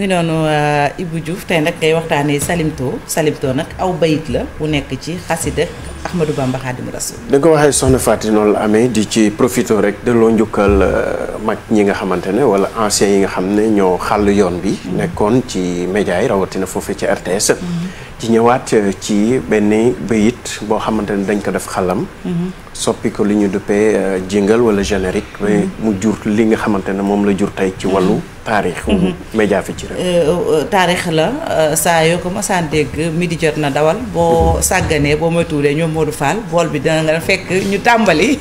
muy noonu euh, Ibou Diouf tey nag ngay waxtaanee Salimto Salimto nag aw bayit la bu nekk ci xasida Ahmadou Bamba Xaadimu Rasuul. da nga ko waxee soxna Fatou noonu la amee di ci profito rek delloo njukkal euh, mag ñi nga xamante ne wala anciens yi nga xam ne ñoo xàll yoon bi. nekkoon ci média yi rawatina foofee ci RTS. Mm-hmm. ci ñëwaat euh, ci benn bayit boo xamante ne dañ ko def xalam mm-hmm. soppi ko li ñu duppee euh, jingle wala générique mm-hmm. mu jur li nga xamante ne moom la jur tey ci wallu mm-hmm. taarix média fi ci réew euh, taarix la saa yoo ko masaan dégg mi di jot na dawal boo sàgganee boo moytuwulee ñoom du Fall bool bi dana nga fekk ñu tàmbali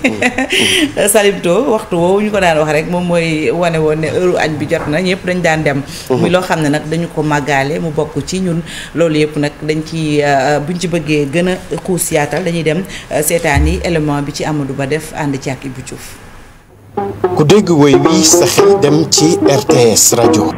Salimto waxtu woowu ñu ko daan wax rek moom mooy wane woon ne añ bi jot na ñëpp dañ daan dem muy loo xam ne nag dañu ko màggaale mu bokk ci ñun dañ ci euh, buñ ci bëggee gën a xuus yaatal dañuy dem euh, seetaani élément bi ci amadu Ba def ànd ci ak Ibou ku dégg woy wi sa dem ci RTS rajo.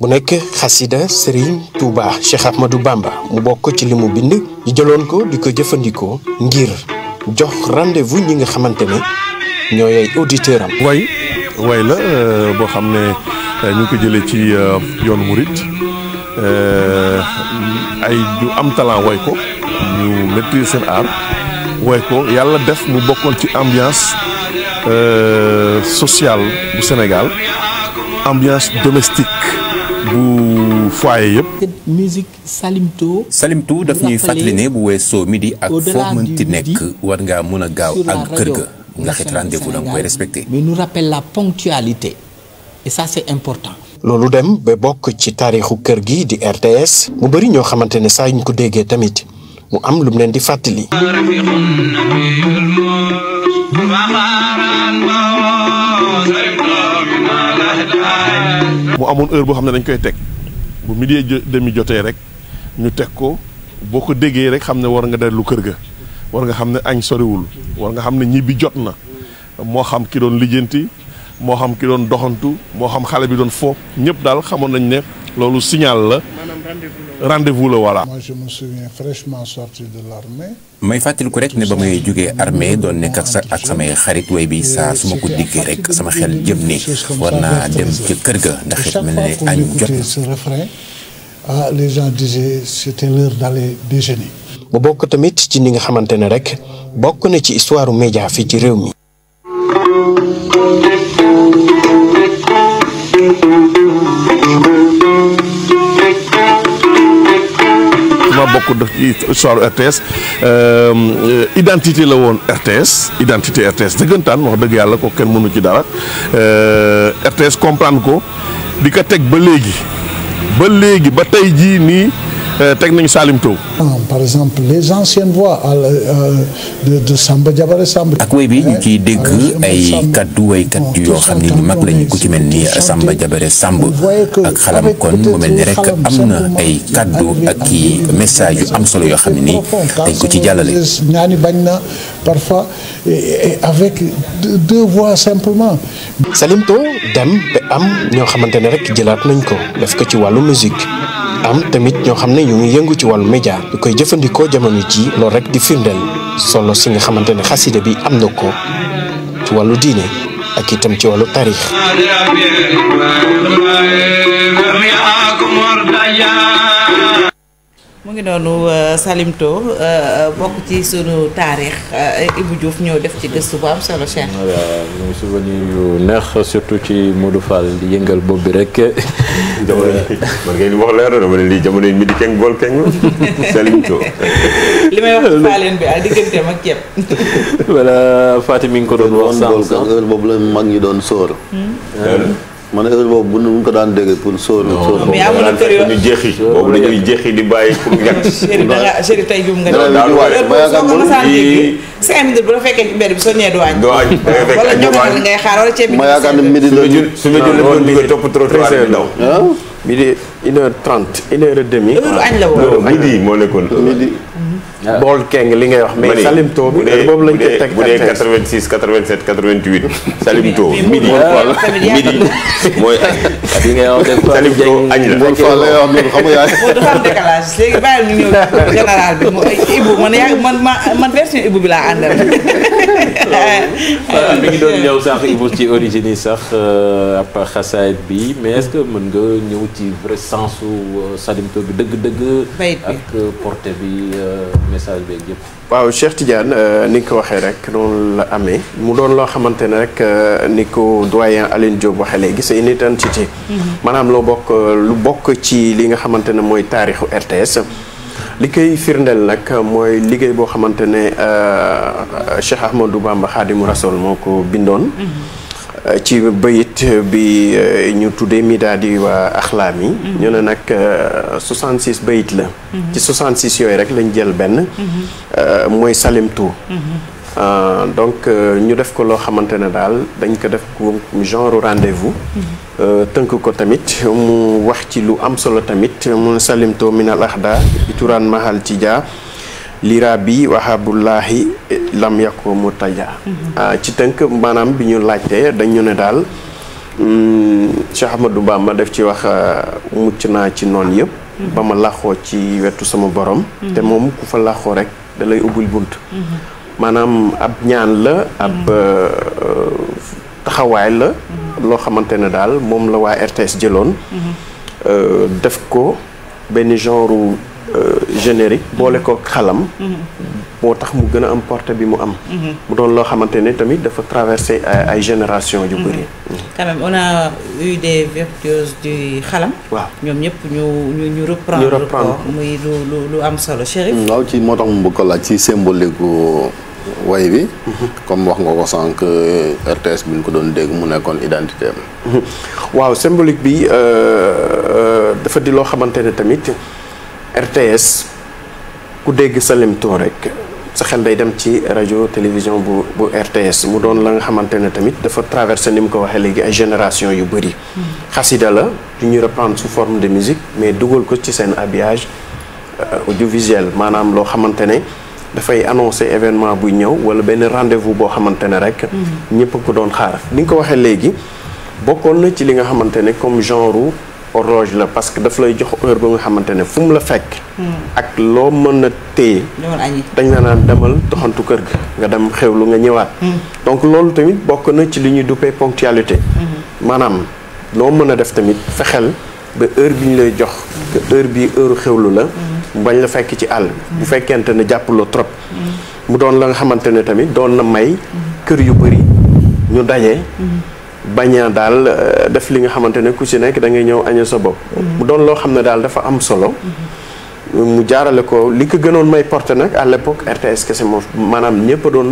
bu nekk xasida Serigne Touba ma du Bamba mu bokk ci li mu bind ñu jëloon ko di ko jëfandikoo ngir jox rendez ñi nga xamante ni ñoo yey auditeur am. way way la euh, boo xam ne euh, ñu ko jëlee ci euh, yoonu murit ay ñu am talent way ko ñu maîtriser seen art way ko yàlla def mu bokkoon ci ambiance sociale bu Sénégal ambiance domestique bu foyer yëpp. musique Salimto. daf ñuy fàttali ne bu weesoo midi ak foo mënti nekk war ngaa mën a gaaw ak kër ga. nga rendez-vous la nga koy respecté. mais nous rappelle la ponctualité et ça c'est important. loolu dem ba bokk ci taarixu kër gi di RTS. mu bari ñoo xamante ne saa yuñ ko déggee tamit mu am lum leen di fàttali. mu amoon heure boo xam ne dañ koy teg bu midi demi jotee rek ñu teg ko boo ko déggee rek xam ne war nga dellu kër ga. war nga xam ne añ soriwul war nga xam ne ñibbi jot na moo xam ki doon lijjanti moo xam ki doon doxantu moo xam xale bi doon fo ñëpp daal xamoon nañ ne loolu signal la rendez-vous la voilà. moi je me souviens fraîchement sorti de l'armée. may fàttaliku rek ne ba may jógee armée doon nekk ak sa ak samay xarit way bi saa su ma ko diggee rek sama xel jëm ni war naa dem kër ga ndax it mel ne añ jot. ah les gens disaient c'était l'heure d'aller déjeuner. mu bokk tamit ci ni nga xamante ne rek bokk na ci histoire média fii ci réew mi. ma bokk ci histoire RTS euh, identité la woon RTS identité RTS dëggantaan wax bëgg yàlla ko kenn mënu ci dara euh, RTS comprendre ko di ko teg ba léegi ba léegi ba tey jii nii. Euh, teg nañu Salim Tow. Ah, par exemple les anciennes voix euh, euh, de de Samba Diabaré Samba. ak woy bi ñu ciy dégg ay kaddu waykat oh, yoo xam ni ñu mag lañu ku ci mel ni Samba Diabaré Samb ak xalam kon mu mel ni rek am na ay kaddu ak i message yu am solo yoo xam ne nii dañ ko ci jàllale. ñaani bañ na parfois avec deux voix simplement. Salim Tow dem ba am ñoo xamante ne rek jëlaat nañ ko def ko ci wàllu musique. am tamit ñoo xam ne ñu ngi yëngu ci wàllu média ñu koy jëfandikoo jamono ji loolu rek di firndeel solo si nga xamante ne xasida bi am na ko ci wàllu diine ak itam ci wàllu taarix. mu ngi noonu euh, Salimto euh, bokk ci sunu taarix euh, Ibou Diouf ñoo def ci gëstu bu am solo cher. voilà muy souvenir yu neex surtout ci Modou Fall di yëngal bopp bi rek. jamono man ngeen di wax leer na dama ne lii jamono yi bool keng Salimto. li may wax faaleen bi ah digganteem ak ceeb. voilà Fatim mi ngi ko doon wax. sànq heure boobu la mag ñi doon sóor. Hmm? man heure boobu bu ñu ko daan dégg pour sóor. sóor mais amuñu kër ñu jeexi. boobu dañuy jeexi di bàyyi pour ñàkk. chéri da nga chéri tey jum nga. daal waay heure midi moo nekkoon. Ah. bool keng li ngay wax. mais Salimto bi heure boobu lañ koy teg bu dee 86 87 88. Salimto midi midi ah, mooy li ngay wax de añ la. Mbour Fall lay wax noonu xam nga yaay. Mbour dafa am léegi bàyyil ñu ñëw général bi man yaa man man version Ibou bi laa àndal. mi ngi doon ñëw sax Ibou ci origine sax euh, ab xasaayit bi mais est mën nga ñëw ci vrai su euh, Sadimto bi dëgg-dëgg. ak euh, portée bi message beeg yëpp. waaw Cheikh Tidiane ni ko waxee rek noonu la amee mu doon loo xamante ne rek ni ko doyen Aline Diop waxee léegi c'est une identité. Mhm. maanaam loo bokk lu bokk ci li nga xamante ne mooy taarixu RTS. li koy firndeel nag mooy liggéey boo xamante ne euh, euh, Cheikh Ahmadou Bamba Xaadimu Rasul moo ko bindoon. Mm-hmm. ci bayit bi euh, ñu tuddee midaadi waa axlaam yi mm-hmm. ñu ne nag 66 bayit la. Mm-hmm. ci 66 yooyu rek lañ jël benn. mooy salimtu Euh, donc euh, ñu def ko loo xamante ne daal dañ ko def genre rendez-vous. Mhm. Euh, tënk ko tamit mu wax ci lu am solo tamit mu salimto minal ahda ituraan mahal ci jaa lira bi wahabullahi lam yàqu mu taja ci tënk maanaam bi ñu laajtee dañu ne daal mm, Cheikh Ahmadou Bamba def ci wax mucc naa ci noon yëpp mhm. ba ma làqoo ci wetu sama borom mhm. te moom ku fa làqoo rek da lay bunt maanaam ab ñaan la ab mm. euh, taxawaay la mm-hmm. loo xamante ne daal moom la waa RTS jëloon mm-hmm. euh, def ko benn genre euh, générique mm-hmm. boole ko xalam moo tax mu gën a am porte bi mu am mu doon loo xamante ne tamit dafa traversé ay génération yu bëri quand même on a eu des xalam waaw ñoom ñëpp ñu ñu ñu reprendre muy lu lu am solo Chérif mm, waaw ci moo tax mu bëgg ko ci symbolique way bi. Mhm. comme wax nga ko sànq RTS bi ñu ko doon dégg mu nekkoon identité am. Mhm. waaw symbolique bi euh, euh, dafa di loo xamante ne tamit RTS ku dégg Salim Touré rek sa xel day dem ci rajo télévision bu bu RTS mu doon la nga xamante ne tamit dafa traversé ni mu ko waxee léegi ay génération yu bëri. Mhm. xasida la du ñuy reprendre forme de musique mais dugal ko ci seen habillage euh, audiovisuel maanaam loo xamante ne. dafay annoncer événement buy ñëw wala benn rendez-vous boo xamante ne rek. Mhm. ñëpp ko doon xaar ni ko waxee léegi bokkoon na ci li nga xamante ne comme genre horloge la parce que daf lay jox heure ba nga xamante ne fu mu la fekk. Mhm. ak loo mën a téye. dañ la naan demal doxantu kër gi nga dem xew lu nga ñëwaat. Mhm. donc loolu tamit bokkoon na ci li ñuy duppee ponctualité. maanaam loo mën a def tamit fexeel ba heure bi ñu lay jox. que heure bi heure xewlu la. bañ la fekk ci àll bu fekkente ne jàppaloo trop mu doon la nga xamante ne tamit doon na may kër yu bëri ñu daje baña daal euh, def li nga xamante ne ku si nekk da ngay ñëw añal sa bopp mu doon loo xam ne daal dafa am solo mu jaarale ko li ko gënoon may porté nag à l'époque RTS kese moo maanaam ñëpp doon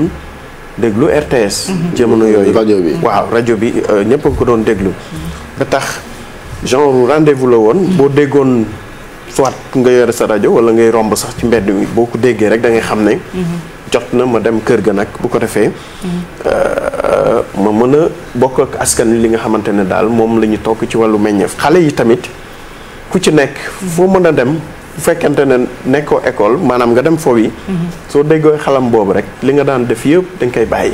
déglu RTS jamono mm-hmm. yooyu rajo bi waaw rajo bi euh, ñëpp ko doon déglu ba tax genre rendez la woon boo déggoon soit nga yore sa rajo wala ngay romb sax ci mbedd mi boo ko déggee rek da ngay xam ne. Mm-hmm. jot na ma dem kër ga nag bu ko defee. Mm-hmm. Euh, ma mën a bokk ak askan wi li nga xamante ne daal moom la ñu toog ci wàllu meññeef xale yi tamit ku ci nekk mm-hmm. foo mën a dem. bu fekkente ne nekkoo école maanaam nga dem foofu yi soo déggoo xalam boobu rek li nga daan def yëpp dañ koy bàyyi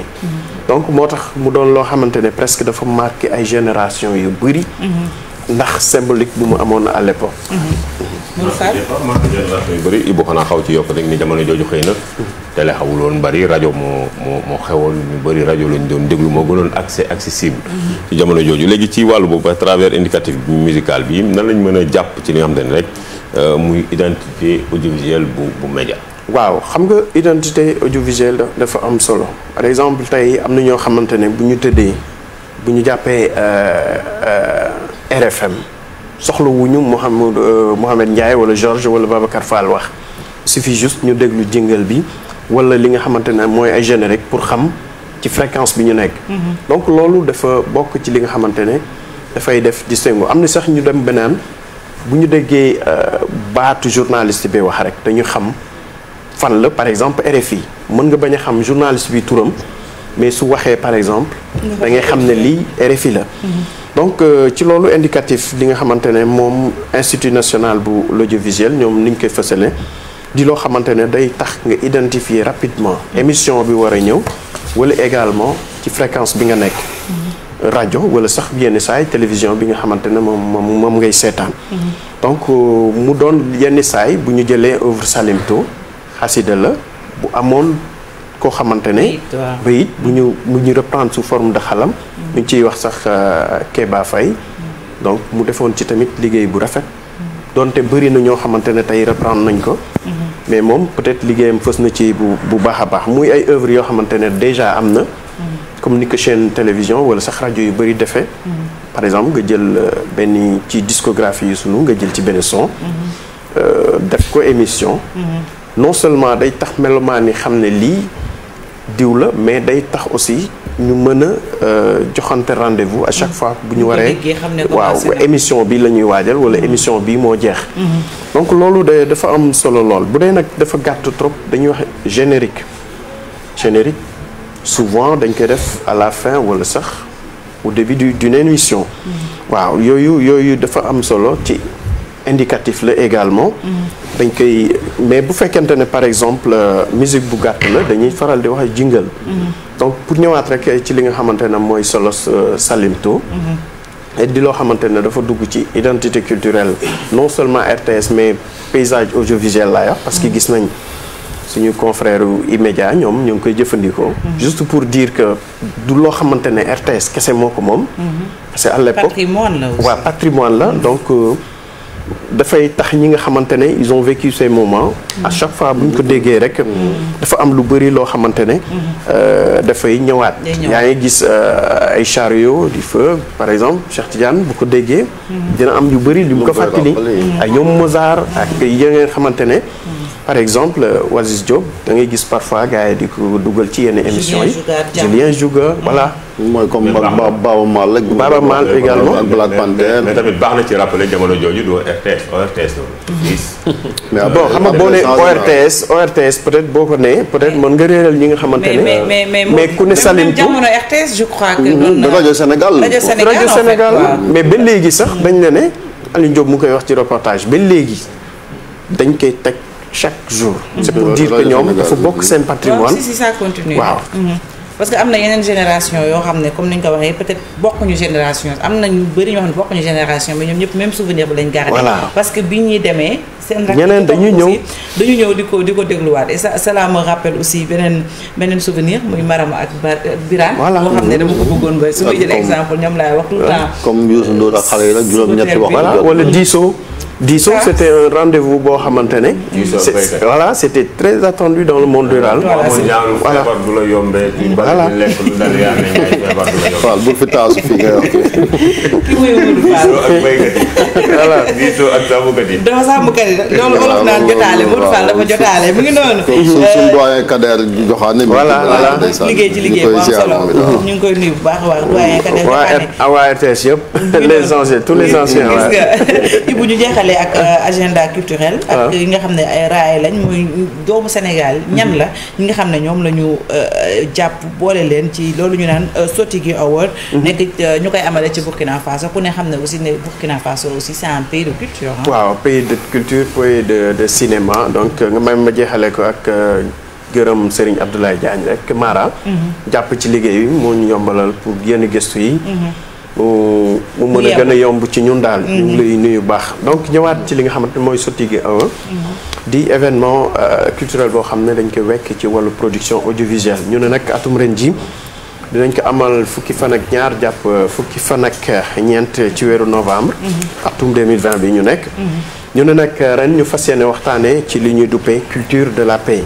donc moo tax mu doon loo xamante ne presque dafa marqué ay génération yu bëri ndax symbolique bi mu amoon à l'époque. yu bëri Ibou xanaa xaw ci yokk rek ni jamono jooju xëy na. télé xawul woon bëri rajo moo moo moo xewoon ñu bëri rajo lañ doon déglu moo gënoon accès accessible. ci jamono jooju léegi ci wàllu boobu à travers indicatif musical bi nan lañ mën a jàpp ci li nga xam ne rek euh, muy identité audiovisuelle bu bu média. waaw xam nga identité audiovisuelle dafa am solo par exemple tey am na ñoo xamante ne bu ñu tëddee bu ñu jàppee. Euh, euh, RFM soxlawuñu euh, Mouhamed Mouhamed njaay wala Georges wala Babacar Fall wax suffit juste ñu déglu jingle bi wala li nga xamante ne mooy ay générique pour xam ci fréquence bi ñu nekk. Mm-hmm. donc loolu dafa bokk ci li nga xamante ne dafay def distingo am na sax ñu dem beneen bu ñu déggee euh, baatu journaliste bi wax rek dañu xam fan la par exemple RFI mën nga bañ a xam journaliste bi turam mais su waxee par exemple. da xam ne lii RFI la. Mm-hmm. donc euh, ci loolu indicatif li nga xamante ne moom institut nationale bu l'audiovisuel ñoom ni ñu koy fësale di loo xamante ne day tax nga identifier rapidement émission bi war a ñëw wala également ci fréquence bi nga nekk rajo wala sax yenn saay télévision bi nga xamante ne moom moom moom ngay seetaan donc euh, mu doon yenn saay bu ñu jëlee œuvre Salimto xasida la bu amoon koo xamante ne bayit bu ñu bu ñu reprendre su forme de xalam ñu ciy wax sax euh, Kéba fay donc mu defoon ci tamit liggéey bu rafet donte bëri na ñoo xamante ne tey reprendre nañ ko mhm. mais moom peut-être liggéeyam fës na ci bu bu baax a baax muy ay œuvres yoo xamante ne déjà am na mhm. comme ni ko chaîne télévision wala sax rajo yu bëri defee mhm. par exemple nga jël euh, benn ci discographie yi sunu nga jël ci benn son euh, def ko émission non seulement day tax melomaan xam ne lii diw la mais day tax aussi ñu mën a euh, joxante rendez-vous à chaque fois bu ñu waree waaw émission bi la ñuy waajal wala mhm. émission bi moo jeex mhm. donc loolu de dafa am solo lool bu dee nag dafa gàtt trop dañuy wax générique générique souvent dañ koy def à la fin wala sax au début du d'une émission mhm. waaw yooyu yooyu dafa am solo ci indicatif la également dañ koy mais bu fekkente ne par exemple euh, musique bu gàtt la dañuy faral di wax jingle mm-hmm. donc pour ñëwaat rek ci li nga xamante ne mooy solo euh, Salimto mm-hmm. et di loo xamante ne dafa dugg ci identité culturelle non seulement RTS mais paysage audiovisuel laay wax parce que gis nañ suñu confrère immédiat ñoom ñoo ngi koy jëfandikoo mm-hmm. juste pour diir que du loo xamante ne RTS kese moo ko moom parce que à l'époque patrimoine la patrimoine la donc euh, dafay tax ñi nga xamante ne ils ont vécu ces moments à mm-hmm. chaque fois bu ñu ko déggee rek mm-hmm. dafa am lu bëri loo xamante ne mm-hmm. euh, dafay ñëwaat yaa ngi gis euh, ay chariot du feu par exemple Cheikh Tidiane bu ko déggee dina am yu bëri lu mu ko fàttali ay ñoom Mozart ak yi nga xamante par exemple Waziz euh, Diop da ngay gis parfois gars yi di ko dugal ci yenn émission yi Julien Jouga wala mm. mooy comme Baaba Maal ak Baaba Maal également ak Black Panther baax na ci rappeler jamono jooju du RTS mm-hmm. xam nga boo ne peut-être boo ko nee peut-être nga réeral ñi nga xamante ne mais ku ne Salim jamono RTS je crois mm-hmm. rajo Sénégal rajo Sénégal mais ba léegi sax dañ la ne Aliou Diop mu koy wax ci reportage ba léegi dañ koy teg chaque jour. Mm-hmm. c'est pour dire que ñoom dafa bokk mm-hmm. seen patrimoine. Ah, si ça continue waaw. Mm-hmm. parce que am na yeneen génération yoo xam ne comme ni ñu ko waxee peut-être bokkuñu génération am na ñu bëri ñoo xam ne bokkuñu génération mais ñoom ñëpp même souvenir bi lañ gardé. voilà parce que bi ñuy demee. seen rakk ñeneen dañuy ñëw dañu ñëw di ko di ko dégluwaat et ça cela me rappelle aussi beneen beneen souvenir muy Marama ak Birane. voilà boo xam ne dama ko bëggoon ba su ma jëlee exemple ñoom laay wax tout le temps. comme Youssou Ndour ak xale yi rek juróom-ñetti wax. voilà wala diisoo. disons que c'était un rendez-vous boo xamante ne. voilà c'était très attendu dans le monde rural. voilà waaw bu fi taasu fi nga wax. voilà. diisoo ak sàmmkat yi. dafa sàmmkat yi loolu olof naan jotaale Modou Fall dafa jotaale mu ngi noonu. suñ suñ euh, doyen Kader joxaane mi. voilà voilà liggéey ci liggéey bu am solo ñu ngi koy nuyu bu baax a baax doyen Kader joxaane. waa RTS yëpp les anciens tous les anciens. gis nga Ibou ñu jeexal jeexalee ak ah. euh, agenda culturel ak ah. yi nga xam ne ay raay lañ muy doomu Sénégal ñan mhm. la ñi nga xam ne ñoom la ñu euh, jàpp boole leen ci loolu ñu naan euh, Sotigi Award mhm. nekk ñu koy amale ci Burkina Faso ku ne xam ne aussi ne Burkina Faso aussi c'est un pays de culture waaw pays de culture pays de de cinéma donc nga may ma jeexale ko ak gërëm Serigne Abdoulaye Diagne rek Mara mhm. jàpp ci liggéey bi moo ñu yombalal pour yenn gëstu yi mu mu a gën a yomb ci ñun daal. ñu ngi mhm. nuyu baax donc ñëwaat ci li nga xamante mooy Sotigue 1. Mhm. di événement euh, culturel boo xam ne dañ ko wekk ci wàllu production audiovisuelle ñu ne nag atum ren ji dinañ ko amal fukki fan ak ñaar jàpp euh, fukki fan ak ñeent ci weeru novembre. Mhm. atum 2020 bi ñu nekk. ñu ne nag ren ñu fas yéene waxtaanee ci li ñuy duppee culture de la paix.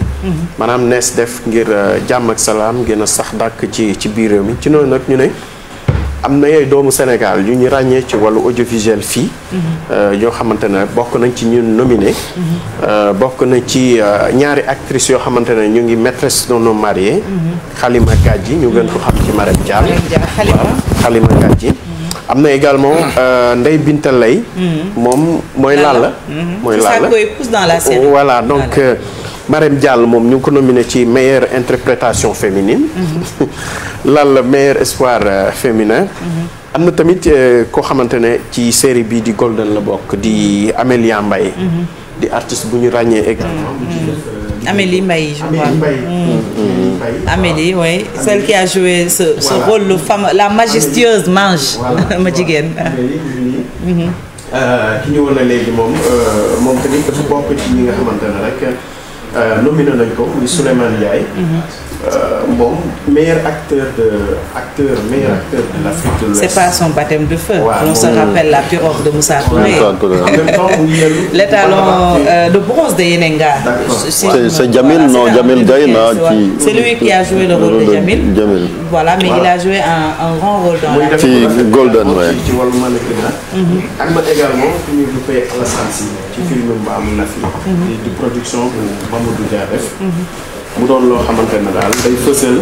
maanaam nees def ngir euh, jàmm ak salaam gën a sax dàkk ci ci biir mi ci noonu nag ñu ne. am na ay doomu Sénégal yu ñu ràññee ci wàllu audiovisuel fii. Euh, yoo xamante ne bokk nañ ci ñu nominé. Euh, bokk nañ ci euh, ñaari actrices yoo xamante ne ñu ngi maîtresse d'un homme marié. Halima Gadji ñu gën ko xam ci Marème xalima Halima Gadji am na également mm-hmm. Ndeye Binta Lay mm-hmm. moom mooy Lalla. Mm-hmm. mooy Lalla c'est la scène. donc. Marème jàll moom ñu ngi ko nominé ci meilleure interprétation féminine. Mm-hmm. Lalla meilleur espoir euh, féminin. Mm-hmm. am na tamit euh, koo xamante ne ci série bii di Golden la bokk di Amélia mbay mm-hmm. di artiste bu ñu ràññee également. Amélie Mbaye je celle qui a joué ce rôle le femme la majestueuse mange. ma jigéen. Euh, Euh, nominé nañ ko muy Souleymane Ndiaye. Euh, moom meilleur acteur de acteur meilleur acteur de l'Afrique de l'Ouest. c'est pas son baptême de feu. waaw on se rappelle la pirogue de Moussa Touré. en même temps mu ngi le talon de bronze de Yenenga. d'accord c'est Djamil non Djamil Gaye na ci. c'est lui qui a joué le rôle de Djamil. voilà mais il a joué un un grand rôle. dans la ci Golden waay. ci wàllu mhm. ak man également ku ñuy duppee Alassane Sy ci film ba am na fi. Mhm. production bu Mamadou Dia def. Mhm. loo xamante ne daal day fësal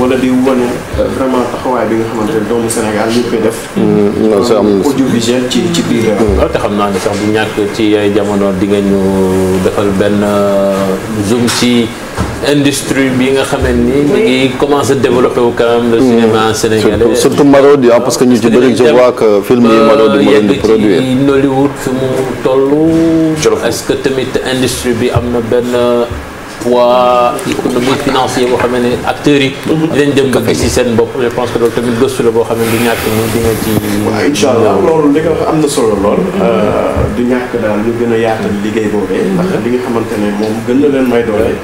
wala di wane euh, vraiment taxawaay bi nga xamante doomu Sénégal ñu koy def. non euh, c' est audiovisuel ci ci biir. waaw te xam naa ne sax bu ñàkk ci ay jamono di nga ñu defal benn euh, zoom si industrie bi nga xamee ni mu ngi commencé développé wu quand même le cinéma mm. sénégalais surtout Marodi ah parce que ñu ci bëri je vois que film yi Marodi moo leen di produire ci Nollywood fi mu toll est-ce que tamit industrie bi am na benn poids économique financier boo xamee ne acteurs yi mm-hmm. dinañ dem ba gis ci seen bopp je pense que loolu tamit gëstu la boo xam ne du ñàkk ñu di nga ci waaw incha allah loolu li nga wax am na solo lool euh, du ñàkk daal ñu gën a yaatal liggéey boobee ndax li nga xamante ne moom gën na leen may doole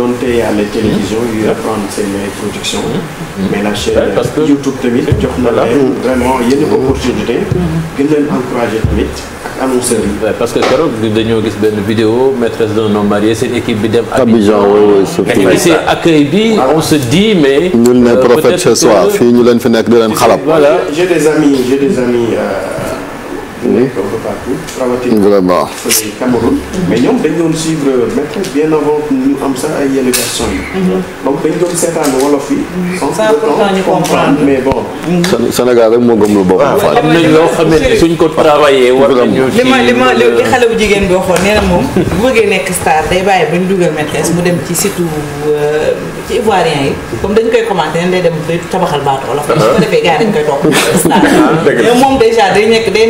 donte yàlla télévision yuy reprendre seen production mm-hmm. mm-hmm. mais la chaîne YouTube tamit jox na la vraiment yenn mm-hmm. opportunité gën leen encouragé tamit ak annonceurs yi parce que keroog dañoo gis benn vidéo maîtresse d'un homme marié seen équipe bi dem Abidjan nga gisee accueil bi on se dit mais ñun ne euh, prophète ce soir fii ñu leen fi nekk di leen xalab voilà j'ai des amis j'ai des amis euh, oui vraiment. Cameroun. mais ñoom dañ doon suivre maître bien avant ñu am sax ay yenn version yi. Mhm. donc dañ doon seetaan wolof yi. Mhm. sans pourtant ñu comprendre mais bon. Mhm. Sénégal rek moo gëm lu boppam. Ah, waaw am nañ loo xam ne suñ ko travaillé war nañu. li ma li ma li xale bu moom bu bëggee nekk star day bàyyi ba ñu dugal maîtresse mu dem ci surtout. ci ivoirien yi comme dañ koy commenté ne day dem day tabaxal baatu olof su ko defee gars yi dañ koy topp star ah, mais moom déjà day nekk day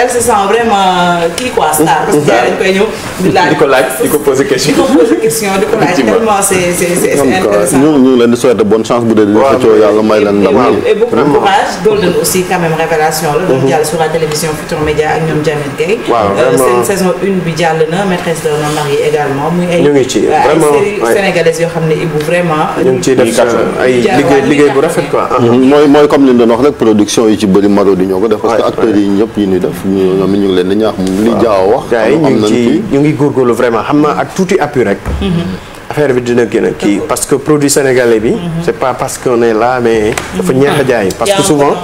elle se sent vraiment euh, kii quoi star parce que dañ koy ñëw di laaj di ko laaj di ko posé question di ko posé question di ko laaj tellement euh, ñu leen di souhaiter bonne chance bu dee di xëccoo yàlla may leen ndam et beaucoup de courage Golden aussi quand même révélation la doon mhm. jàll sur la télévision Futur Média ak ñoom Jamil Gaye euh, seen saison une bi jàll na maîtresse d'un homme vraiment. ñu ngi ciy def euh, ay liggéey liggéey bu rafet quoi. xam naa ak tuuti appui rek. Mm-hmm. affaire bi dina gën a kii mm-hmm. parce que produit sénégalais bi. Mm-hmm. c'est pas parce qu'on est là mais. dafa ñeex a jaay parce que souvent.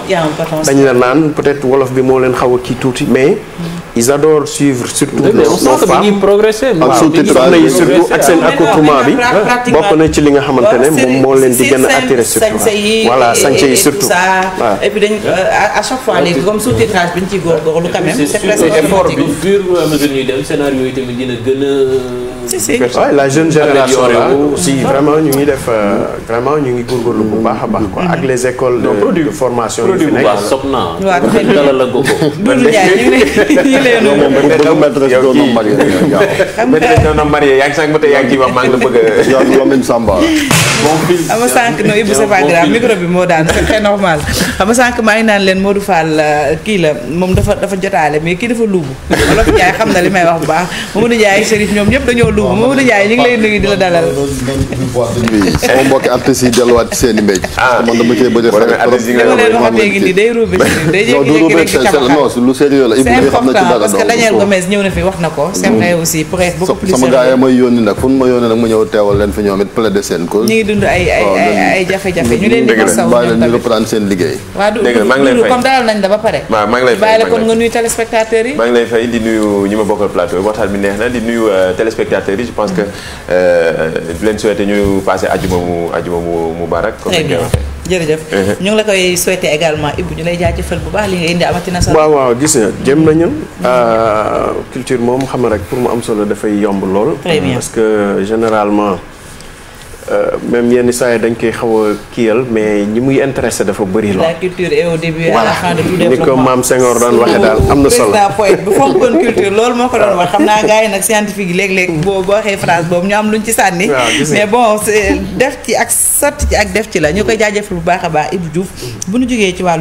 dañ la naan peut wolof bi moo leen xaw a kii tuuti mais. ils adorent suivre surtout nos femmes ak sous-titrage yi surtout ak seen bi bokk na ci li nga xamante ne moom moo leen di gën a attiré surtout voilà sañse yi surtout waaw et puis dañ euh, à chaque fois léegi comme si si la jeune génération là aussi vraiment ñu ngi def euh, vraiment ñu ngi góorgóorlu bu baax a baax ko ak les écoles de formation yi fi nekk waaw xëy na dalal la gogo. Doudou Ndiaye ñu ngi lay nuyu. maîtresse d'un homme marié yaa ngi sànq ba tey yaa ngi ciy wax maa ngi la a. yow bi moo daan c'est très normal. ama sànq maa ngi naan leen Modou Fall euh, kii la moom dafa dafa jotaale mais kii dafa luubu. Wolof Ndiaye xam na li may wax bu baax Mamadou Ndiaye Chérif ñoom ñëpp dañoo dugg Mamadou Ndiaye ñu ngi lay nuyu di la dalal. sama mbokki artistes yi delluwaat seen i mbéj. ah man dama cee bëri xam ne ci dara téléspectateurs yi je que euh, di leen souhaiter ñu passé ajuma mu ajuma mu mubarak comme ni nga waxee jërëjëf uh-huh. ñu ngi la koy souhaiter également Ibou ñu lay jaajëfal bu baax li nga indi amati na solo. waaw waaw gis na jëm nañu. Euh, culture moom xam ne rek pour mu am solo dafay yomb lool. parce que généralement. Euh, même yenn saa yi dañ koy xaw a kiyal mais ñi muy intéressé dafa bëri lool. la culture est au début et de tout maam Senghor doon waxee daal am na solo. président poète bu fonkoon culture loolu moo ko doon wax xam naa gars nag scientifique yi léeg-léeg boo boo waxee phrase boobu ñu am luñ ci sànni. mais bon def ci ak sotti ci ak def ci la ñu koy jaajëfal bu baax a baax Ibou Diouf bu ñu jógee ci wàllu.